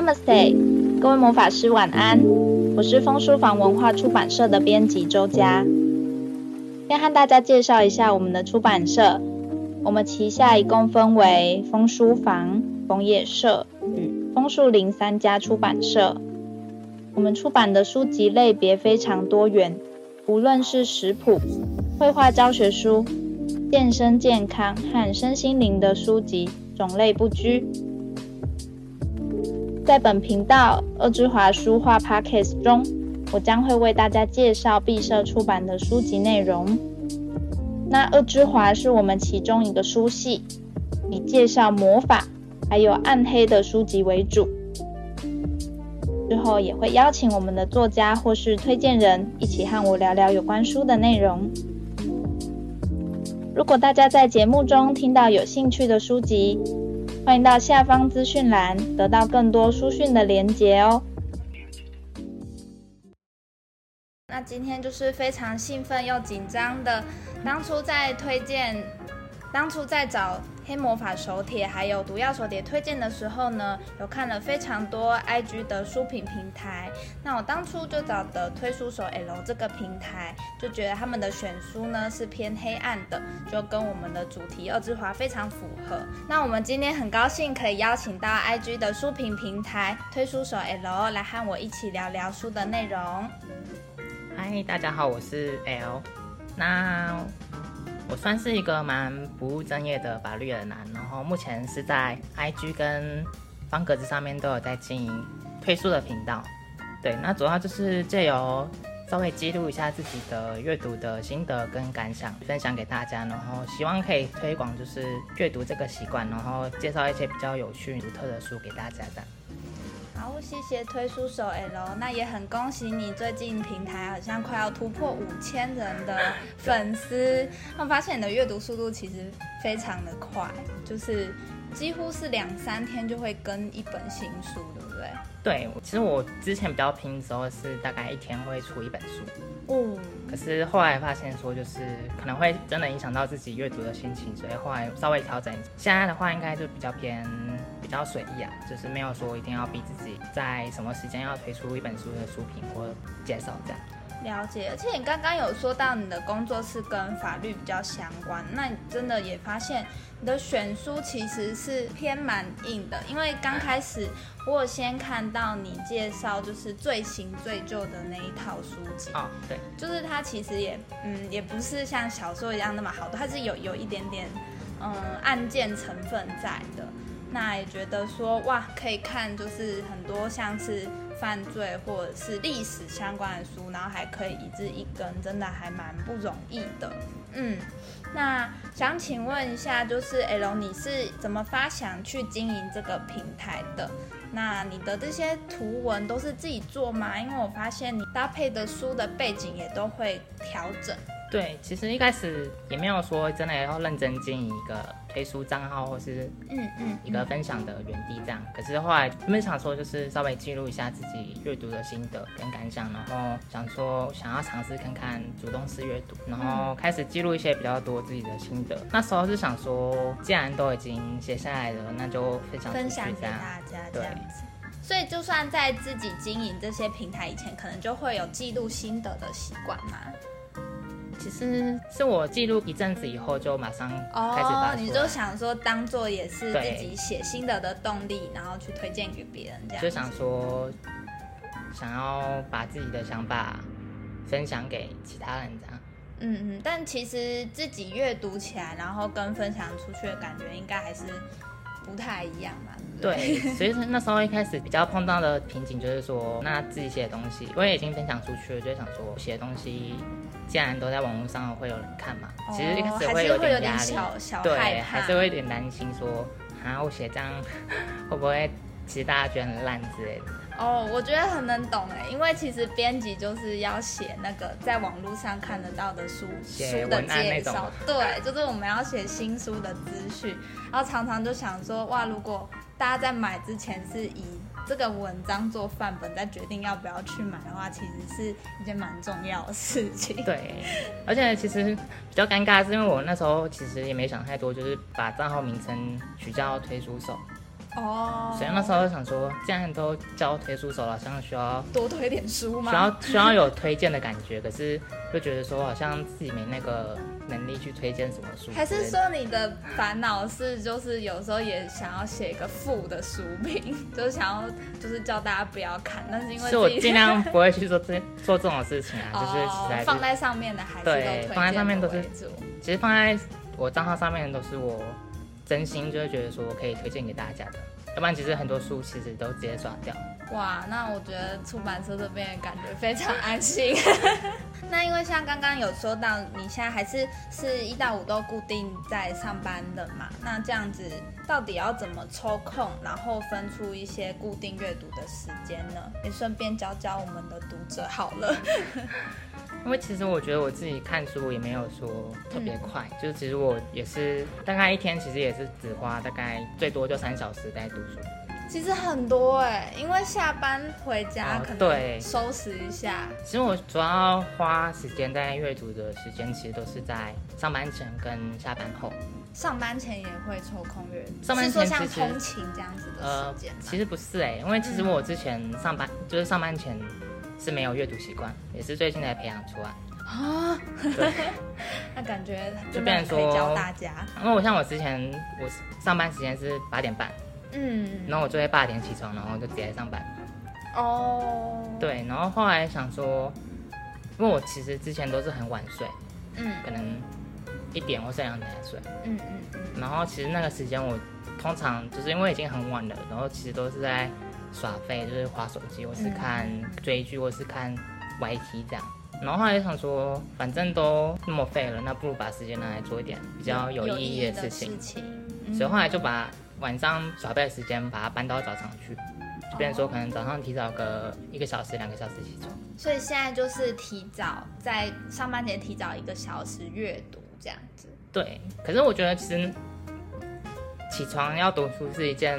Namaste，各位魔法師晚安。我是楓書坊文化出版社的編輯周佳。先和大家介紹一下我們的出版社。我們旗下一共分為楓書坊、楓葉社與楓樹林三家出版社。我們出版的書籍類別非常多元，無論是食譜、繪畫教學書、健身健康和身心靈的書籍，種類不拘。在本頻道“惡之華書話 Podcast 中，我將會為大家介紹敝社出版的書籍內容。那惡之華是我們其中一個書系，以介紹魔法還有暗黑的書籍為主。之後也會邀請我們的作家或是推薦人一起和我聊聊有關書的內容。如果大家在節目中聽到有興趣的書籍，歡迎到下方資訊欄，得到更多書訊的連結哦。那今天就是非常興奮又緊張的，當初在推薦，當初在找，黑魔法手帖還有毒藥手帖推薦的時候呢，有看了非常多 IG 的書評平台。那我當初就找的推書手 L 這個平台，就覺得他們的選書呢是偏黑暗的，就跟我們的主題惡之華非常符合。那我們今天很高興可以邀請到 IG 的書評平台推書手 L 來和我一起聊聊書的內容。嗨，大家好，我是 L、Now。那。我算是一個蠻不務正業的法律人吶，然後目前是在 IG 跟方格子上面都有在經營推書的頻道。對，那主要就是借由稍微記錄一下自己的閱讀的心得跟感想，分享給大家，然後希望可以推廣就是閱讀這個習慣，然後介紹一些比較有趣獨特的書給大家的。哦、謝謝推書手 L，那也很恭喜你，最近平台好像快要突破五千人的粉絲。我對、嗯、發現你的閱讀速度其實非常的快，就是幾乎是兩三天就會更一本新書，對不對？對，其實我之前比較拼的時候是大概一天會出一本書，哦、嗯。可是後來發現說，就是可能會真的影響到自己閱讀的心情，所以後來稍微調整一下。一現在的話應該就比較偏。比較隨意啊，就是沒有說一定要逼自己在什麼時間要推出一本書的書評或介紹這樣。了解，而且你剛剛有說到你的工作是跟法律比較相關，那你真的也發現你的選書其實是偏蠻硬的，因為剛開始我有先看到你介紹就是最新最舊的那一套書籍啊，哦，對，就是它其實也嗯，也不是像小說一樣那麼好，它是有有一點點嗯案件成分在的。那也覺得說，哇，可以看就是很多像是犯罪或者是歷史相關的書，然後還可以一字一根，真的還蠻不容易的。嗯，那想請問一下，就是 L，你是怎麼發想去經營這個平台的？那你的這些圖文都是自己做嗎？因為我發現你搭配的書的背景也都會調整。對，其實一開始也沒有說真的要認真經營一個。推出賬號或是嗯嗯，一個分享的園地這樣，嗯嗯嗯、可是後來我們想說就是稍微記錄一下自己閱讀的心得跟感想，然後想說想要嘗試看看主動式閱讀，然後開始記錄一些比較多自己的心得。嗯、那時候是想說既然都已經寫下來了，那就分享分享給大家這樣子，對。所以就算在自己經營這些平台以前，可能就會有記錄心得的習慣嘛。其實是我記錄一陣子以後，就馬上開始發。哦，你就想說當做也是自己寫心得的動力，對然後去推薦給別人這樣。就想說，想要把自己的想法分享給其他人這樣。嗯嗯，但其實自己閱讀起來，然後跟分享出去的感覺應該還是不太一樣吧。對，所以說那時候一開始比較碰到的瓶頸就是說，那自己寫的東西，我也已經分享出去了，就想說寫的東西既然都在網絡上會有人看嘛，哦、其實一開始會有點壓力，小小害怕，對，還是會有點擔心說啊，我寫這樣會 不會其實大家覺得很爛之類的？哦，我覺得很能懂哎，因為其實編輯就是要寫那個在網絡上看得到的書寫那種書的介紹，對，就是我們要寫新書的資訊，然後常常就想說哇，如果大家在買之前是以這個文章做範本，再決定要不要去買的話，其實是一件蠻重要的事情。對，而且其實比較尷尬，是因為我那時候其實也沒想太多，就是把賬號名稱取叫推書手。哦。Oh, 所以那時候就想說，既然都叫推書手了，好像需要多推點書嗎？需要需要有推薦的感覺，可是就覺得說好像自己沒那個。能力去推薦什麼書，還是說你的煩惱是就是有時候也想要寫一個負的書名，就是想要就是叫大家不要看，但是因為是我盡量不會去做這做這種事情啊， 就是在、就是、放在上面的還是都推薦為主的對，放在上面都是。其實放在我賬號上面都是我真心就會覺得說我可以推薦給大家的，要不然其實很多書其實都直接刷掉了。哇，那我覺得出版社這邊也感覺非常安心。 那因為像剛剛有說到，你現在還是是一到五都固定在上班的嘛，那這樣子到底要怎麼抽空，然後分出一些固定閱讀的時間呢？也順便教教我們的讀者好了。 因為其實我覺得我自己看書也沒有說特別快，嗯、就是其實我也是大概一天，其實也是只花大概最多就三小時在讀書。其實很多哎、欸，因為下班回家可能對收拾一下、啊。其實我主要花時間在閱讀的時間，其實都是在上班前跟下班後。上班前也會抽空閱讀，上班前是說像通勤這樣子的時間嗎？其實，呃、其實不是哎、欸，因為其實我之前上班、嗯、就是上班前是沒有閱讀習慣，也是最近才培養出來。啊、哦，對 那感覺可以就變成說教大家。因為我像我之前，我上班時間是八點半。嗯，然後我就會八點起床，然後就直接來上班。哦，對，然後後來想說，因為我其實之前都是很晚睡，嗯，可能一點或是兩點睡，嗯嗯，嗯，然後其實那個時間我通常就是因為已經很晚了，然後其實都是在耍廢，就是滑手機，或、嗯、是看追劇，或是看 YT 這樣。然後後來就想說，反正都那麼廢了，那不如把時間拿來做一點比較有意義的事情，事情嗯、所以後來就把。晚上早備時間把它搬到早上去，就變成說可能早上提早個一個小時、兩個小時起床。所以現在就是提早，在上班前提早一個小時閱讀，這樣子。對，可是我覺得其實起床要讀書是一件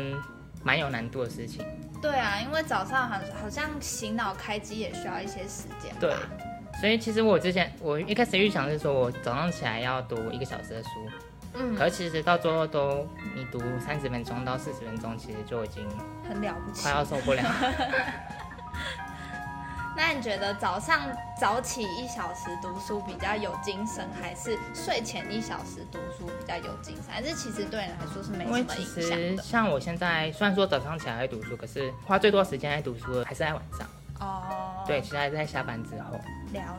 蠻有難度的事情。對啊，因為早上好像好像醒腦開機也需要一些時間。對，所以其實我之前我一開始預想是說我早上起來要讀一個小時的書。嗯，可其實到最後都，你讀三十分鐘到四十分鐘，其實就已經很了不起了，快要受不了。那你覺得早上早起一小時讀書比較有精神，還是睡前一小時讀書比較有精神？還是其實對你來說是沒什麼影響的？因為其實像我現在，雖然說早上起來還會讀書，可是花最多時間在讀書的還是在晚上。哦，對，其實還是在下班之後。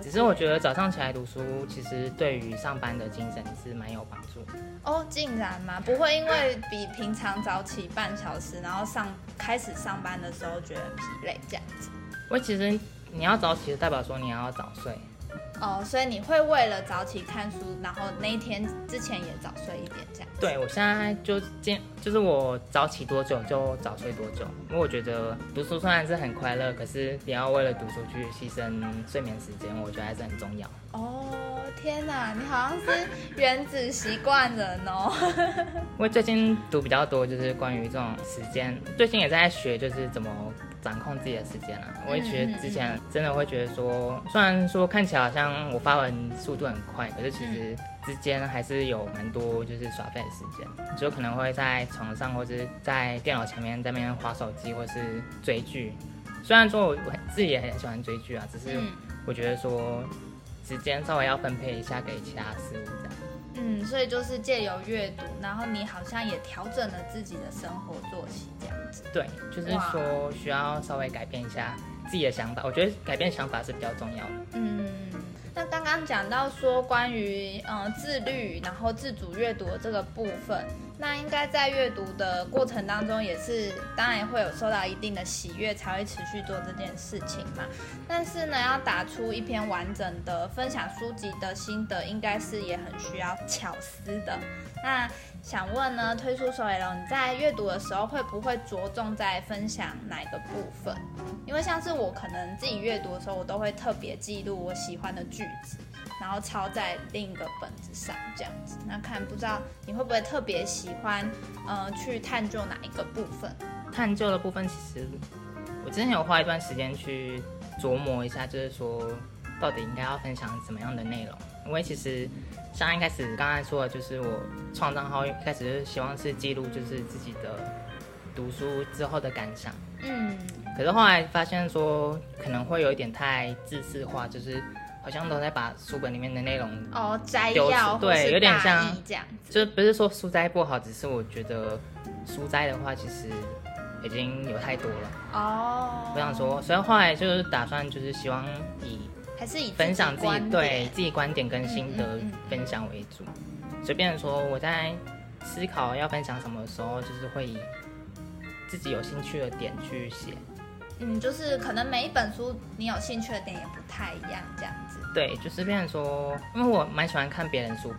只是我覺得早上起來讀書，其實對於上班的精神是蠻有幫助的哦。Oh, 竟然嗎？不會因為比平常早起半小時，Yeah. 然後上開始上班的時候覺得疲累這樣子？我其實你要早起，就代表說你要早睡。哦，所以你會為了早起看書，然後那一天之前也早睡一點，這樣？對，我現在就今就是我早起多久就早睡多久，因為我覺得讀書雖然是很快樂，可是你要為了讀書去犧牲睡眠時間，我覺得還是很重要。哦，天哪，你好像是原子習慣人哦。因 為最近讀比較多，就是關於這種時間，最近也在學，就是怎麼。掌控自己的時間了啊，我也覺得之前真的會覺得說，雖然說看起來好像我發文速度很快，可是其實之間還是有蠻多就是耍廢的時間，就可能會在床上或者是在電腦前面在那邊滑手機或是追劇。雖然說我自己也很喜歡追劇啊，只是我覺得說時間稍微要分配一下給其他事物這樣。嗯，所以就是借由閱讀，然後你好像也調整了自己的生活作息這樣子。對，就是說需要稍微改變一下自己的想法，我覺得改變想法是比較重要的。嗯，那剛剛講到說關於呃自律，然後自主閱讀的這個部分。那應該在閱讀的過程當中，也是當然會有受到一定的喜悅，才會持續做這件事情嘛。但是呢，要打出一篇完整的分享書籍的心得，應該是也很需要巧思的。那想問呢，推書手 L，你在閱讀的時候會不會着重在分享哪個部分？因為像是我可能自己閱讀的時候，我都會特別記錄我喜歡的句子。然後抄在另一個本子上，這樣子。那看不知道你會不會特別喜歡，呃去探究哪一個部分？探究的部分，其實我之前有花一段時間去琢磨一下，就是說到底應該要分享怎麼樣的內容。因為其實像一開始剛才說的，就是我創賬號一開始是希望是記錄就是自己的讀書之後的感想。嗯。可是後來發現說可能會有一點太自私化，就是。好像都在把書本裡面的內容哦摘要，對，有點像這樣，就是不是說書摘不好，只是我覺得書摘的話，其實已經有太多了哦。我想說，所以後來就是打算，就是希望以還是以分享自己，自己對自己觀點跟心得分享為主。隨便、嗯嗯嗯、說，我在思考要分享什麼的時候，就是會以自己有興趣的點去寫。嗯，就是可能每一本書你有興趣的點也不太一樣，這樣子。對，就是變成說，因為我蠻喜歡看別人書評，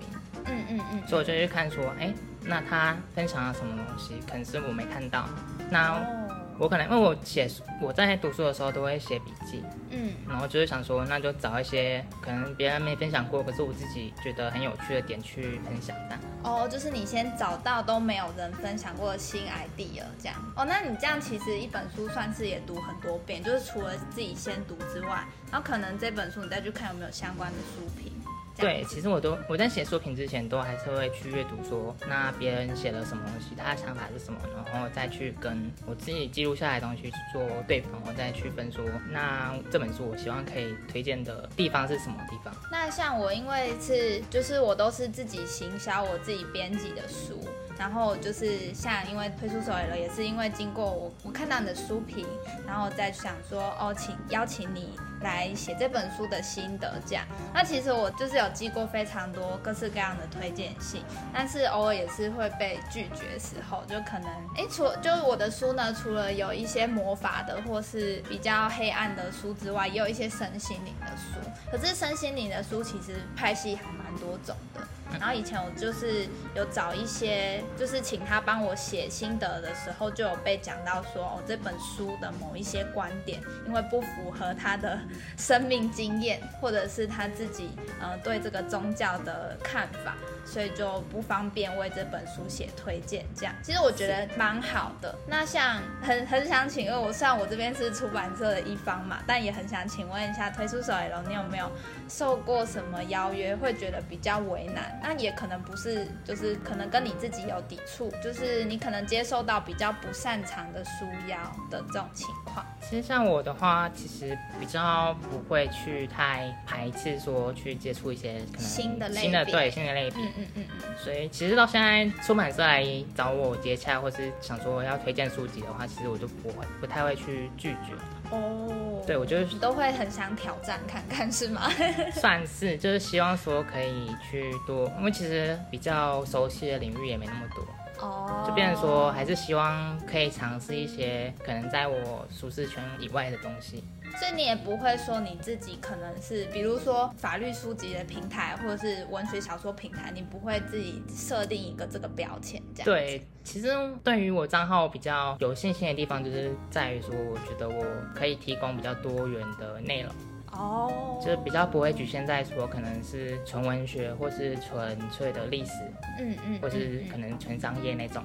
嗯，嗯嗯嗯，所以我就去看說，哎，欸，那他分享了什麼東西，可能是我沒看到，那。我可能因為我寫我在讀書的時候都會寫筆記，嗯，然後就是想說，那就找一些可能別人沒分享過，可是我自己覺得很有趣的點去分享。哦，就是你先找到都沒有人分享過的新 idea 這樣。哦，那你這樣其實一本書算是也讀很多遍，就是除了自己先讀之外，然後可能這本書你再去看有沒有相關的書評。對，其實我都我在寫書評之前，都還是會去閱讀說，那別人寫了什麼東西，他的想法是什麼，然後我再去跟我自己記錄下來的東西去做對比，然後再去分說，那這本書我希望可以推薦的地方是什麼地方。那像我因為是就是我都是自己行銷我自己編輯的書，然後就是像因為推書手 L 了，也是因為經過我我看到你的書評，然後再想說哦，請邀請你。來寫這本書的心得，這樣。那其實我就是有寄過非常多各式各樣的推薦信，但是偶爾也是會被拒絕時候，就可能誒，除就我的書呢，除了有一些魔法的或是比較黑暗的書之外，也有一些身心靈的書。可是身心靈的書其實派系還蠻多種的。然後以前我就是有找一些，就是請他幫我寫心得的時候，就有被講到說哦，這本書的某一些觀點，因為不符合他的生命經驗，或者是他自己呃對這個宗教的看法，所以就不方便為這本書寫推薦。這樣其實我覺得蠻好的。那像很很想請問，問我雖然我這邊是出版社的一方嘛，但也很想請問一下，推書手 L 你有沒有受過什麼邀約，會覺得比較為難？那也可能不是，就是可能跟你自己有抵觸，就是你可能接受到比較不擅長的書腰的這種情況。其實像我的話，其實比較不會去太排斥說去接觸一些可能新的類比新的對新的類別，嗯嗯嗯。所以其實到現在出版社來找我接洽，或是想說要推薦書籍的話，其實我就不會不太會去拒絕哦。Oh, 對，我就你都會很想挑戰看看是嗎？ 算是，就是希望說可以去多。因為其實比較熟悉的領域也沒那麼多，哦，就變成說還是希望可以嘗試一些可能在我舒適圈以外的東西。Oh. 所以你也不會說你自己可能是，比如說法律書籍的平台或者是文學小說平台，你不會自己設定一個這個標籤，這樣？對，其實對於我賬號比較有信心的地方，就是在於說，我覺得我可以提供比較多元的內容。哦，oh. 就是比較不會侷限在說，可能是純文學，或是純粹的歷史，嗯嗯，嗯或是可能純商業那種。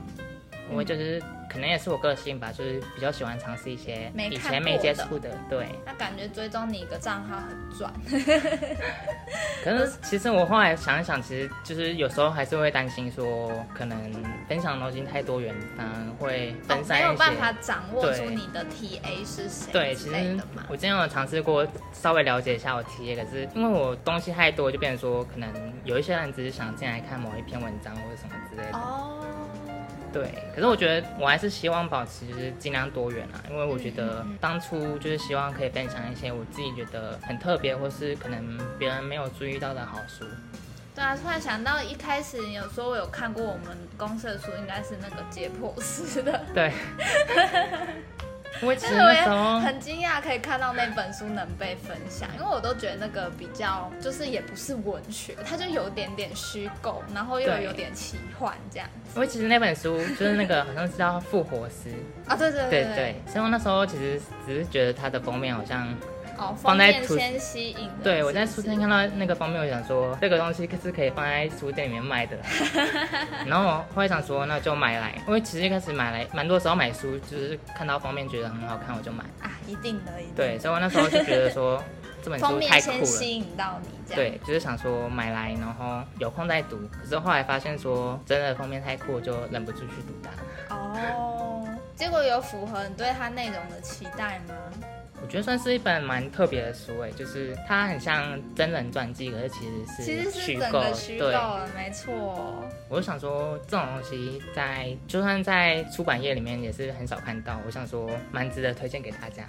我就是可能也是我個性吧，就是比較喜歡嘗試一些以前沒接觸的。的對，那感覺追蹤你一個賬號很賺、 嗯。可是其實我後來想一想，其實就是有時候還是會擔心說，可能分享的東西太多元，嗯，會分散、哦、沒有辦法掌握住你的 TA 是誰之類的，對對其嘛。我之前有嘗試過稍微了解一下我 TA，可是因為我東西太多，就變成說可能有一些人只是想進來看某一篇文章或者什麼之類的。哦。對，可是我覺得我還是希望保持就是盡量多元啊，因為我覺得當初就是希望可以分享一些我自己覺得很特別，或是可能別人沒有注意到的好書。對啊，突然想到一開始有時候我有看過我們公社的書，應該是那個解剖師的。對。 我其實，其實我也很驚訝，可以看到那本書能被分享，因為我都覺得那個比較就是也不是文學，它就有點點虛構，然後又有點奇幻這樣子。因為其實那本書就是那個好像是叫《復活師》啊， 對對對對對，所以我那時候其實只是覺得它的封面好像。Oh, 放在書店先吸引。對，我在書店看到那個封面，我想說，這個東西是可以放在書店裡面賣的。 然後後來想說那就買來，因為其實一開始買來蠻多時候買書就是看到封面，覺得很好看我就買。啊，一定的。一定的。對，所以我那時候就覺得說，封面 太酷了。封面先吸引到你這樣，對，就是想說買來，然後有空再讀。可是後來發現說真的封面太酷，就忍不住去讀它。哦，oh, 結果有符合你對它內容的期待嗎？我覺得算是一本蠻特別的書誒、欸，就是它很像真人傳記，可是其實是虛構其實是整個虛構的對沒錯、哦。我就想說這種東西在就算在出版業裡面也是很少看到，我想說蠻值得推薦給大家。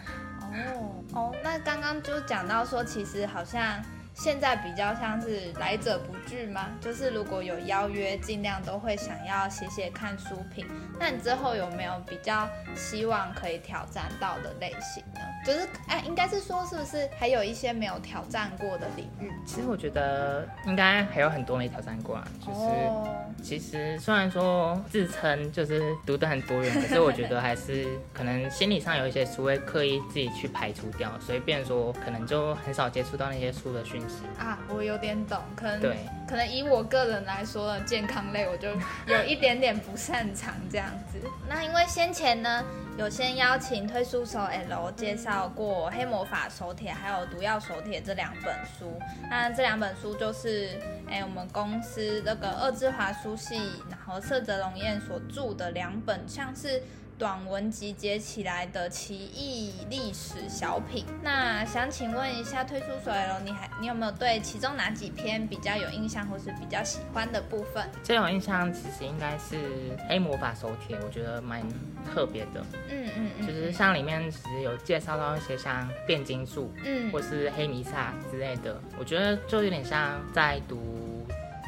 哦哦，那剛剛就講到說，其實好像現在比較像是來者不拒嘛，就是如果有邀約，盡量都會想要寫寫看書評。那你之後有沒有比較希望可以挑戰到的類型呢？就是哎，應該是說，是不是還有一些沒有挑戰過的領域？其實我覺得應該還有很多沒挑戰過啊。就是，oh. 其實雖然說自稱就是讀的很多元 可是我覺得還是可能心理上有一些書會刻意自己去排除掉，所以變說可能就很少接觸到那些書的訊息。啊，我有點懂，可能對，可能以我個人來說的健康類我就有一點點不擅長這樣子。 那因為先前呢，有先邀請推書手 L 介紹過《黑魔法手帖》還有《毒藥手帖》這兩本書，那這兩本書就是哎、欸，我們公司那個惡之華書系，然後澀澤龍彥所著的兩本，像是，短文集結起來的奇異歷史小品。那想請問一下，推書手 L，你還你有沒有對其中哪幾篇比較有印象，或是比較喜歡的部分？這種印象其實應該是《黑魔法手帖》，我覺得蠻特別的。嗯嗯嗯。其實，嗯，嗯，像裡面其實有介紹到一些像變金術，嗯，或是黑彌撒之類的，我覺得就有點像在讀。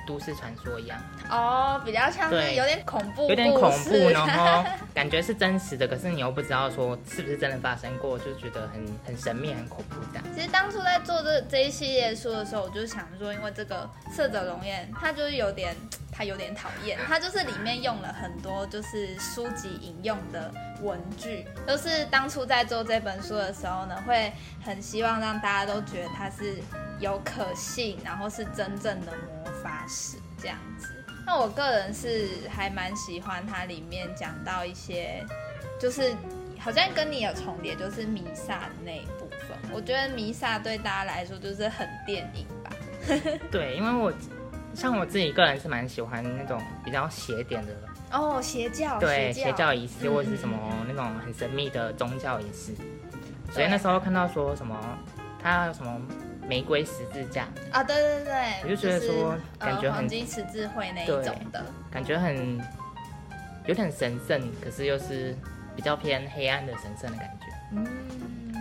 都市傳說一樣哦，比較像是有點恐怖，有點恐怖，然後感覺是真實的，可是你又不知道說是不是真的發生過，就覺得很很神秘、很恐怖的。其實當初在做這這一系列書的時候，我就想說，因為這個《色者龍顏》它就是有點，它有點討厭，它就是裡面用了很多就是書籍引用的文句。就是當初在做這本書的時候呢，會很希望讓大家都覺得它是有可信，然後是真正的魔。是這樣子，那我個人是還蠻喜歡它裡面講到一些，就是好像跟你有重疊，就是彌撒的那一部分。我覺得彌撒對大家來說就是很電影吧。 對，因為我像我自己個人是蠻喜歡那種比較邪典的哦，邪教。對，邪教儀式教教或者是什麼那種很神秘的宗教儀式。嗯、所以那時候看到說什麼，他有什麼。玫瑰十字架啊，對對對，我就覺得說感覺很、呃、金十字會那一種的，感覺很有點神聖，可是又是比較偏黑暗的神聖的感覺。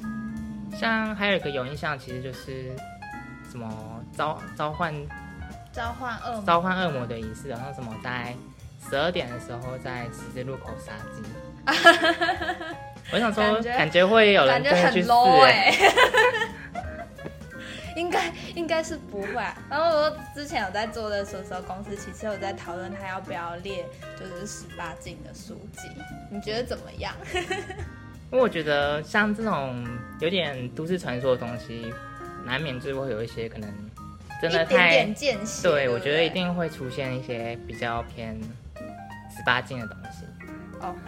嗯，像還有一個有印象，其實就是什麼召召喚召喚惡魔召喚惡魔的儀式，然後什麼在十二點的時候在十字路口殺雞。 我想說，感覺，感覺會有人、欸、感覺很 low 哎、欸 ，應該應該是不會、啊。然後我之前有在做的時候，公司其實有在討論他要不要列就是十八禁的書籍，你覺得怎麼樣？因 為我覺得像這種有點都市傳說的東西，難免就會有一些可能真的太點點，對，對對，我覺得一定會出現一些比較偏十八禁的東西。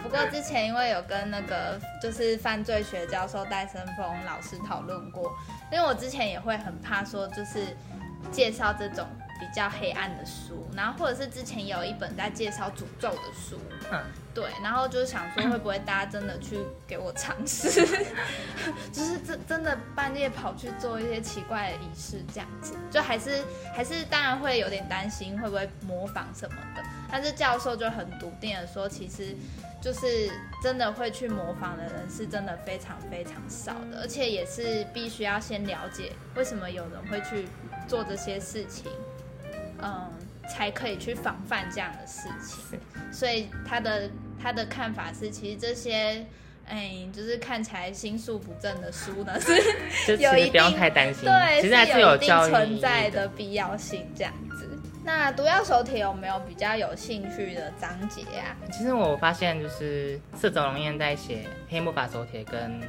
不過、oh, 對之前因為有跟那個就是犯罪學教授戴森峰老師討論過，因為我之前也會很怕說就是介紹這種比較黑暗的書，然後或者是之前有一本在介紹詛咒的書，嗯、啊，對，然後就想說會不會大家真的去給我嘗試，嗯、 就是真真的半夜跑去做一些奇怪的儀式這樣子，就還是還是當然會有點擔心會不會模仿什麼的，但是教授就很篤定的說其實。就是真的會去模仿的人，是真的非常非常少的，而且也是必須要先了解為什麼有人會去做這些事情，嗯，才可以去防範這樣的事情。是所以他的他的看法是，其實這些，哎，就是看起來心術不正的書呢，是，就其實不要太擔心，對，其實還是有，教育是有一定存在的必要性這樣。那毒藥手帖有沒有比較有興趣的章節啊？其實我發現就是《澀澤龍彥》在寫《黑魔法手帖》跟《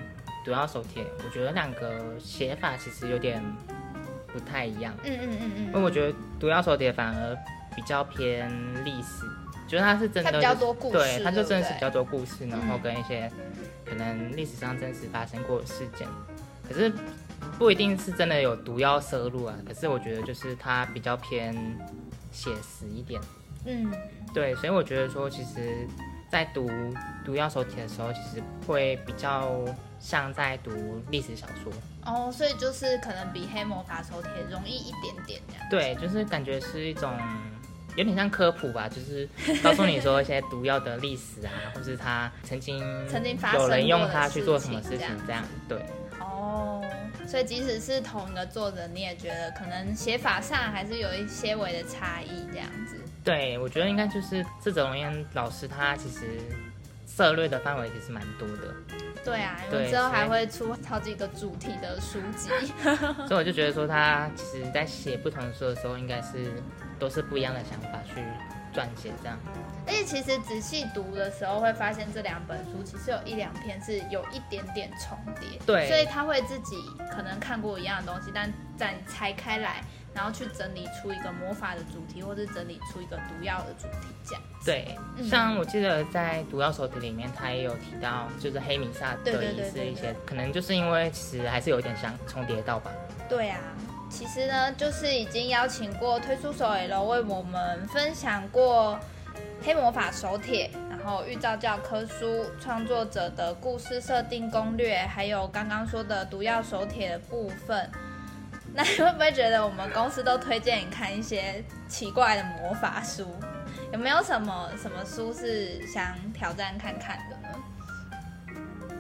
毒藥手帖》，我覺得兩個寫法其實有點不太一樣嗯。嗯嗯嗯嗯。因、嗯、為、嗯、我覺得《毒藥手帖》反而比較偏歷史，覺、就、得、是、它是真的，對，它就真的是比較多故事，嗯、然後跟一些可能歷史上真實發生過的事件，可是。不一定是真的有毒藥攝入啊，可是我覺得就是它比較偏寫實一點，嗯，對，所以我覺得說，其實，在讀毒藥手帖的時候，其實會比較像在讀歷史小說哦，所以就是可能比黑魔法手帖容易一點點這樣，對，就是感覺是一種有點像科普吧，就是告訴你說一些毒藥的歷史啊， 或是他曾經曾經有人用它去做什麼事情這樣，對。所以，即使是同一個作者，你也覺得可能寫法上還是有一些微的差異，這樣子。對，我覺得應該就是志因英老師他其實涉獵的範圍其實蠻多的。對啊，對，因為之後還會出好幾個主題的書籍。所以， 所以我就覺得說，他其實在寫不同的書的時候，應該是都是不一樣的想法去。轉寫這樣，而且其實仔細讀的時候會發現這兩本書其實有一兩篇是有一點點重疊，對，所以他會自己可能看過一樣的東西，但再拆開來，然後去整理出一個魔法的主題，或是整理出一個毒藥的主題這樣。對，嗯、像我記得在《毒藥手帖》裡面，他也有提到就是黑彌撒的也是，一些可能就是因為其實還是有點想重疊到吧。對呀、啊。其實呢，就是已經邀請過推書手 L，為我們分享過黑魔法手帖，然後預造教科書創作者的故事設定攻略，還有剛剛說的毒藥手帖的部分。那你會不會覺得我們公司都推薦你看一些奇怪的魔法書？有沒有什麼什麼書是想挑戰看看的？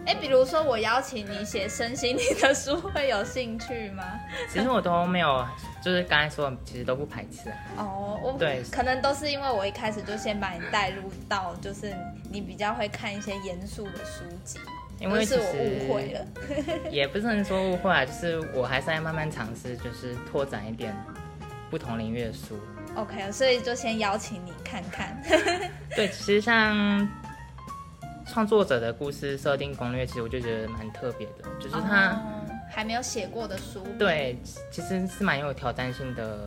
哎，比如說我邀請你寫身心靈的書，會有興趣嗎？其實我都沒有，就是剛才說的，其實都不排斥。哦、oh, 對，我對，可能都是因為我一開始就先把你帶入到，就是你比較會看一些嚴肅的書籍，因為是，是我誤會了。也不是很說誤會，啊，就是我還是要慢慢嘗試，就是拓展一點不同領域的書。OK，所以就先邀請你看看。對，其實像。創作者的故事設定攻略，其實我就覺得蠻特別的，就是他、哦、還沒有寫過的書。對，其實是蠻有挑戰性的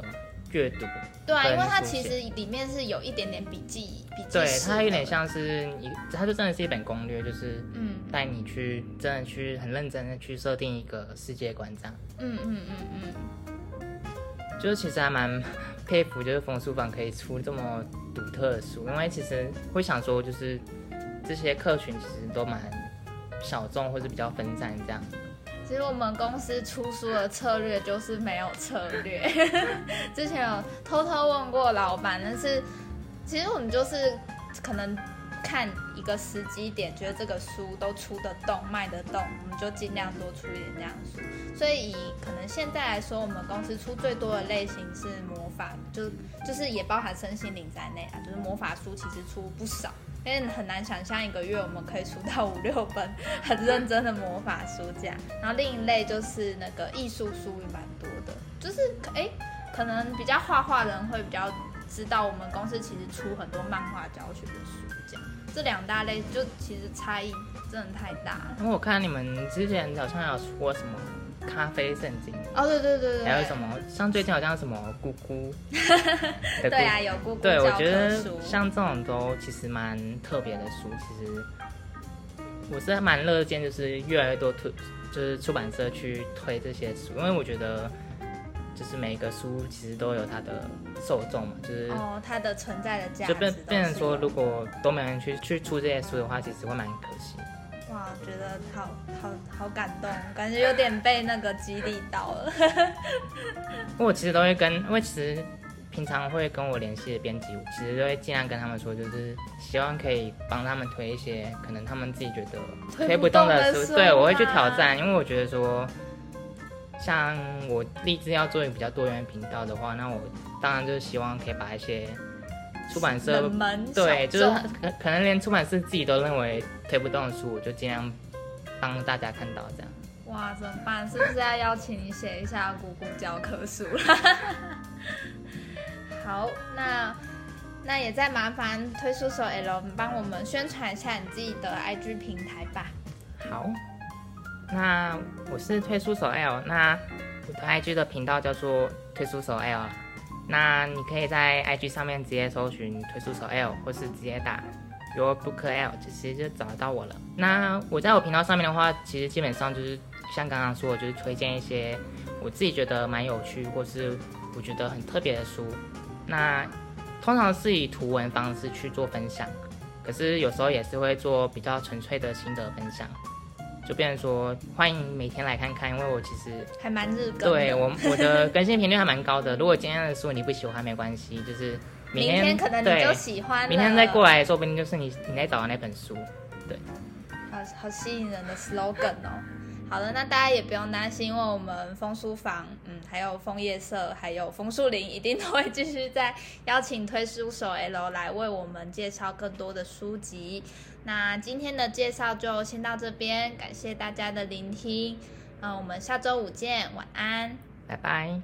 閱讀。對、啊，因為它其實裡面是有一點點筆記筆記。記，對，它有點像是一，它就真的是一本攻略，就是嗯，帶你去真的去很認真的去設定一個世界觀這樣。嗯嗯嗯嗯。嗯，就是其實還蠻佩服，就是楓書坊可以出這麼獨特的書，因為其實會想說就是。這些客群其實都蠻小眾，或是比較分散這樣子。其實我們公司出書的策略就是沒有策略， 之前有偷偷問過老闆，但是其實我們就是可能看一個時機點，覺得這個書都出得動、賣得動，我們就盡量多出一點這樣的書。所以以可能現在來說，我們公司出最多的類型是魔法，就是就是也包含身心靈在內啊，就是魔法書其實出不少。因為很難想象一個月我們可以出到五六本很認真的魔法書這樣，然後另一類就是那個藝術書也蠻多的，就是哎、欸，可能比較畫畫的人會比較知道我們公司其實出很多漫畫教學的書這樣，這兩大類就其實差異真的太大。因為我看你們之前好像有說什麼。咖啡聖經哦，對對對對，還有什麼？像最近好像什麼姑姑 對啊，有姑姑。對我覺得像這種都其實蠻特別的書，其實我是還蠻樂見，就是越來越多推，就是出版社去推這些書，因為我覺得就是每一個書其實都有它的受眾嘛，就是就哦，它的存在的價值。就變變成說，如果都沒人去去出這些書的話，其實會蠻可惜。哇，覺得好好好感動，感覺有點被那個激勵到了。 我其實都會跟，因為其實平常會跟我聯繫的編輯，我其實都會儘量跟他們說，就是希望可以幫他們推一些可能他們自己覺得推不動的，不動的對，我會去挑戰，因為我覺得說，像我立志要做一個比較多元頻道的話，那我當然就是希望可以把一些。出版社門對，就是可，可能連出版社自己都認為推不動的書，就盡量幫大家看到這樣。哇，怎麼辦？是不是要邀請你寫一下《姑姑教科書》了？ 好，那那也再麻煩推書手 L 幫我們宣傳一下你自己的 IG 平台吧。好，那我是推書手 L，那我的 IG 的頻道叫做推書手 L。那你可以在 IG 上面直接搜尋推書手 L，或是直接打 Your Book L，其實就找到我了。那我在我頻道上面的話，其實基本上就是像剛剛說的，就是推薦一些我自己覺得蠻有趣或是我覺得很特別的書。那通常是以圖文方式去做分享，可是有時候也是會做比較純粹的心得分享。就變成說，歡迎每天來看看，因為我其實還蠻日更的，對我，我的更新頻率還蠻高的。 如果今天的書你不喜歡沒關係，就是天明天可能你就喜歡，明天再過來，說不定就是你，你在找的那本書。對，好好吸引人的 slogan 哦。 好了，那大家也不用擔心，因為我們楓書坊，嗯，還有楓葉社，還有楓樹林，一定都會繼續在邀請推書手 L 來為我們介紹更多的書籍。那今天的介紹就先到這邊，感謝大家的聆聽。那，我們下周五見，晚安，拜拜。